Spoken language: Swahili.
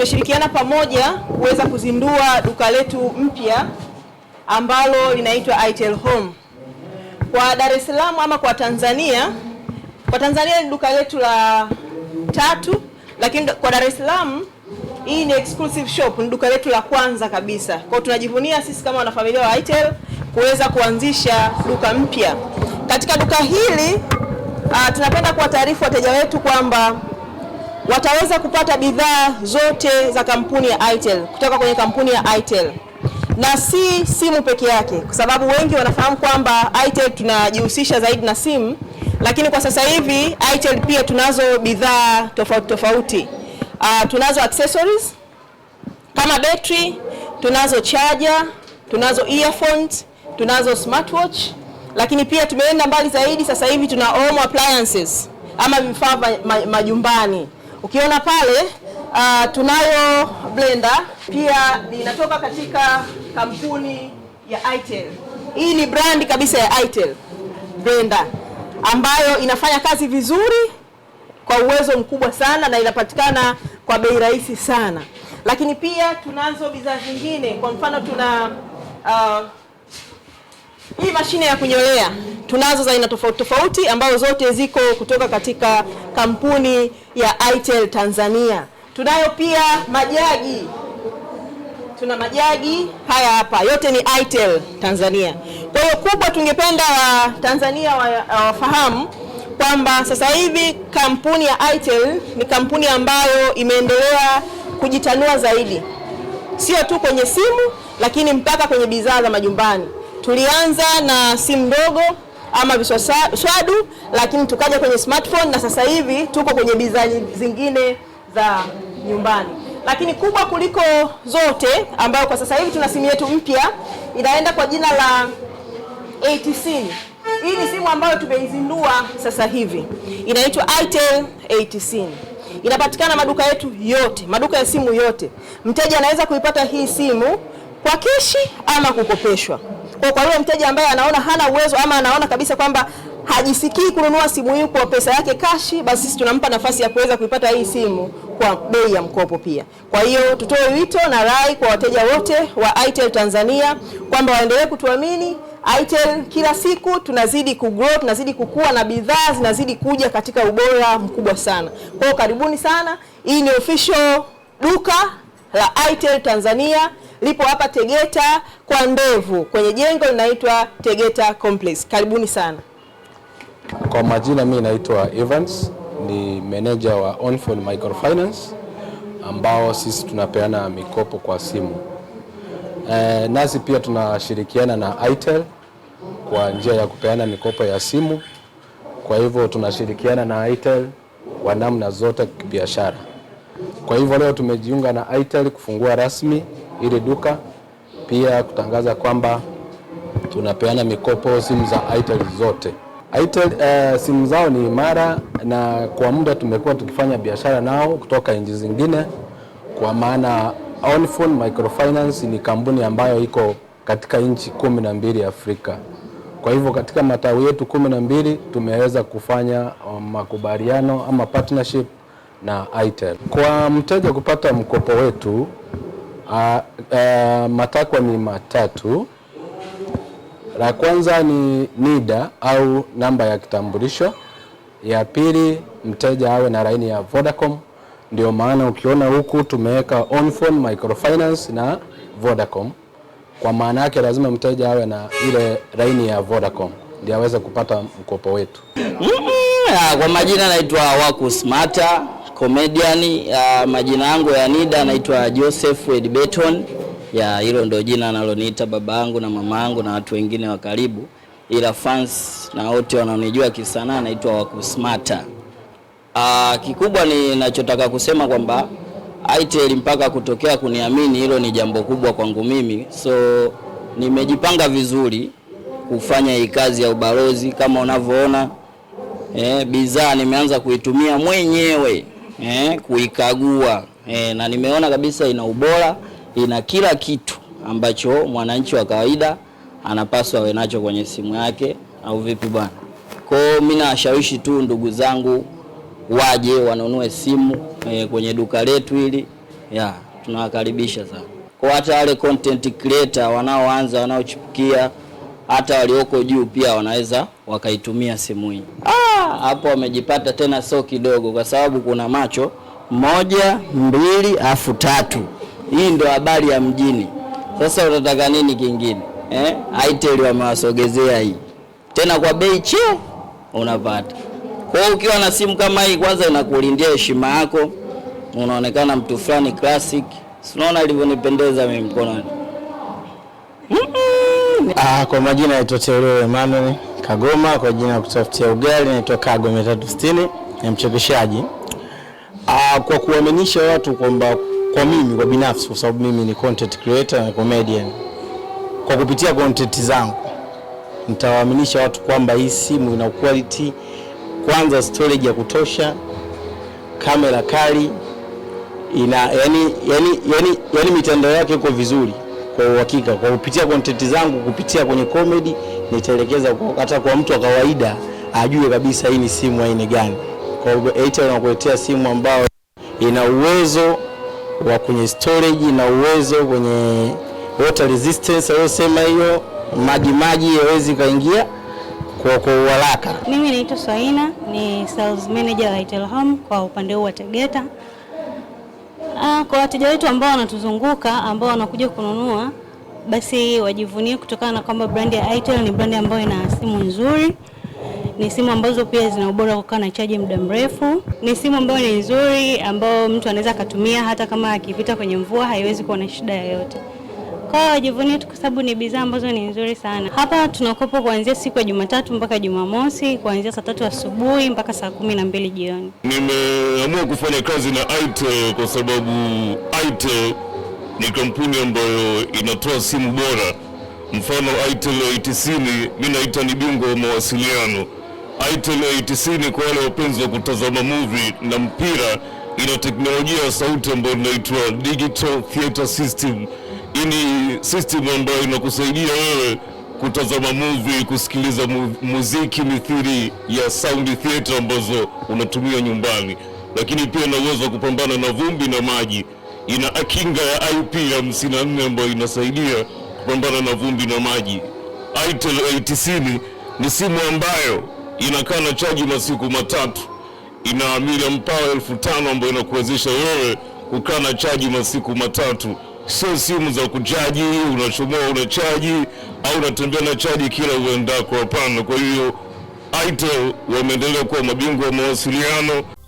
tumeshirikiana pamoja kuweza kuzindua duka letu mpya ambalo linaitwa Itel Home kwa Dar es Salaam ama kwa Tanzania. Kwa Tanzania ni duka letu la tatu, lakini kwa Dar es Salaam hii ni exclusive shop, ni duka letu la kwanza kabisa. Kwa hiyo tunajivunia sisi kama wanafamilia wa Itel kuweza kuanzisha duka mpya. Katika duka hili uh, tunapenda kuwataarifu wateja wetu kwamba wataweza kupata bidhaa zote za kampuni ya Itel kutoka kwenye kampuni ya Itel na si simu peke yake, kwa sababu wengi wanafahamu kwamba Itel tunajihusisha zaidi na simu, lakini kwa sasa hivi Itel pia tunazo bidhaa tofauti tofauti. Uh, tunazo accessories kama battery, tunazo charger, tunazo earphones, tunazo smartwatch, lakini pia tumeenda mbali zaidi. Sasa hivi tuna home appliances ama vifaa majumbani. Ukiona pale uh, tunayo blender pia inatoka katika kampuni ya Itel. Hii ni brandi kabisa ya Itel blender ambayo inafanya kazi vizuri kwa uwezo mkubwa sana na inapatikana kwa bei rahisi sana, lakini pia tunazo bidhaa zingine. Kwa mfano tuna uh, hii mashine ya kunyolea Tunazo za aina tofauti tofauti ambazo zote ziko kutoka katika kampuni ya Itel Tanzania. Tunayo pia majagi, tuna majagi haya hapa, yote ni Itel Tanzania. Kwa hiyo kubwa, tungependa Watanzania wafahamu kwamba sasa hivi kampuni ya Itel ni kampuni ambayo imeendelea kujitanua zaidi, sio tu kwenye simu, lakini mpaka kwenye bidhaa za majumbani. Tulianza na simu ndogo ama viswaswadu, lakini tukaja kwenye smartphone na sasa hivi tuko kwenye bidhaa zingine za nyumbani. Lakini kubwa kuliko zote ambayo kwa sasa hivi tuna simu yetu mpya inaenda kwa jina la ATC. Hii ni simu ambayo tumeizindua sasa hivi, inaitwa Itel ATC. Inapatikana maduka yetu yote, maduka ya simu yote. Mteja anaweza kuipata hii simu kwa keshi ama kukopeshwa. Kwa kwa yule mteja ambaye anaona hana uwezo ama anaona kabisa kwamba hajisikii kununua simu hii kwa pesa yake kashi, basi sisi tunampa nafasi ya kuweza kuipata hii simu kwa bei ya mkopo pia. Kwa hiyo tutoe wito na rai kwa wateja wote wa Itel Tanzania kwamba waendelee kutuamini Itel. Kila siku tunazidi kugrow, tunazidi kukua na bidhaa zinazidi kuja katika ubora mkubwa sana. Kwa hiyo karibuni sana, hii ni official duka la Itel Tanzania lipo hapa Tegeta kwa Ndevu kwenye jengo linaitwa Tegeta Complex. Karibuni sana. Kwa majina mimi naitwa Evans, ni meneja wa Onfone Microfinance ambao sisi tunapeana mikopo kwa simu e, nasi pia tunashirikiana na Itel kwa njia ya kupeana mikopo ya simu. Kwa hivyo tunashirikiana na Itel kwa namna zote kibiashara. Kwa hivyo leo tumejiunga na Itel kufungua rasmi ile duka, pia kutangaza kwamba tunapeana mikopo simu za Itel zote. Itel uh, eh, simu zao ni imara na kwa muda tumekuwa tukifanya biashara nao kutoka nchi zingine, kwa maana Onfone Microfinance ni kampuni ambayo iko katika nchi kumi na mbili Afrika. Kwa hivyo katika matawi yetu kumi na mbili tumeweza kufanya um, makubaliano ama partnership na Itel. Kwa mteja kupata mkopo wetu Uh, uh, matakwa ni matatu. La kwanza ni NIDA au namba ya kitambulisho. Ya pili, mteja awe na laini ya Vodacom. Ndio maana ukiona huku tumeweka Onfone Microfinance na Vodacom, kwa maana yake lazima mteja awe na ile laini ya Vodacom ndio aweze kupata mkopo wetu. Ah, kwa majina naitwa wakusmata comedian uh, majina yangu ya nida anaitwa Joseph Edbeton. Ya hilo ndio jina analoniita baba yangu na mama yangu na watu wengine wa karibu, ila fans na wote wanaonijua kisanaa anaitwa Wakusmata. Uh, kikubwa ninachotaka kusema kwamba ITL mpaka kutokea kuniamini, hilo ni jambo kubwa kwangu mimi, so nimejipanga vizuri kufanya hii kazi ya ubalozi kama unavyoona. Eh, bidhaa nimeanza kuitumia mwenyewe eh, kuikagua eh, na nimeona kabisa ina ubora, ina kila kitu ambacho mwananchi wa kawaida anapaswa awe nacho kwenye simu yake, au vipi bwana? Kwa hiyo mimi nawashawishi tu ndugu zangu waje wanunue simu eh, kwenye duka letu hili ya tunawakaribisha sana kwa hata wale content creator wanaoanza wanaochipukia hata walioko juu pia wanaweza wakaitumia simu hii. Ah, hapo wamejipata tena, so kidogo, kwa sababu kuna macho moja, mbili, afu tatu. Hii ndo habari ya mjini. Sasa unataka nini kingine eh? Airtel wamewasogezea hii tena kwa bei che unapata. Kwa ukiwa na simu kama hii, kwanza inakulindia heshima yako, unaonekana mtu fulani classic. Unaona alivyonipendeza mimi mkononi. mm Ah, kwa majina yaitwa Teoleo Emmanuel Kagoma kwa jina la kutafutia ugali, naitwa Kago 360 ni mchekeshaji. Ah, kwa kuaminisha watu kwamba kwa mimi kwa binafsi, kwa sababu mimi ni content creator na comedian, kwa kupitia content zangu nitawaaminisha watu kwamba hii simu ina quality, kwanza storage ya kutosha, kamera kali ina yani, yani, yani, yani mitandao yake iko vizuri kwa uhakika, kwa kupitia content zangu, kupitia kwenye comedy nitaelekeza hata kwa mtu wa kawaida ajue kabisa hii ni simu aina gani. Kwa hivyo Airtel inakuletea simu ambayo ina uwezo wa kwenye storage na uwezo kwenye water resistance aliyosema hiyo maji maji yawezi kaingia kwa kwa haraka. Mimi naitwa Swaina, ni sales manager wa Airtel Home kwa upande huu wa Tegeta. Ah, kwa wateja wetu ambao wanatuzunguka ambao wanakuja kununua basi wajivunie kutokana na kwamba brandi ya Itel ni brandi ambayo ina simu nzuri, ni simu ambazo pia zina ubora kukaa na chaji muda mrefu, ni simu ambayo ni nzuri, ambayo mtu anaweza akatumia hata kama akipita kwenye mvua haiwezi kuwa na shida yoyote. Kwa wajivunie tu kwa sababu ni bidhaa ambazo ni nzuri sana. Hapa tunakopa kuanzia siku ya Jumatatu mpaka Jumamosi, kuanzia saa tatu asubuhi mpaka saa kumi na mbili jioni. Nimeamua kufanya kazi na Itel kwa sababu Itel ni kampuni ambayo inatoa simu bora. Mfano Itel 80 mimi naita ni bingwa wa mawasiliano. Itel 80 kwa wale wapenzi wa kutazama movie na mpira, ina teknolojia ya sauti ambayo inaitwa digital theater system. Hii ni system ambayo inakusaidia wewe kutazama movie, kusikiliza muziki mithili ya sound theater ambazo unatumia nyumbani, lakini pia na uwezo wa kupambana na vumbi na maji ina kinga ya IP54 ambayo inasaidia kupambana na vumbi na maji. Itel 90 ni simu ambayo inakaa na chaji masiku matatu, ina miliampao mpawa elfu tano ambayo inakuwezesha wewe kukaa na chaji masiku matatu. Sio simu za kuchaji unachomoa unachaji au unatembea na chaji kila uendako, hapana. Kwa hiyo Itel wameendelea kuwa mabingwa wa mawasiliano.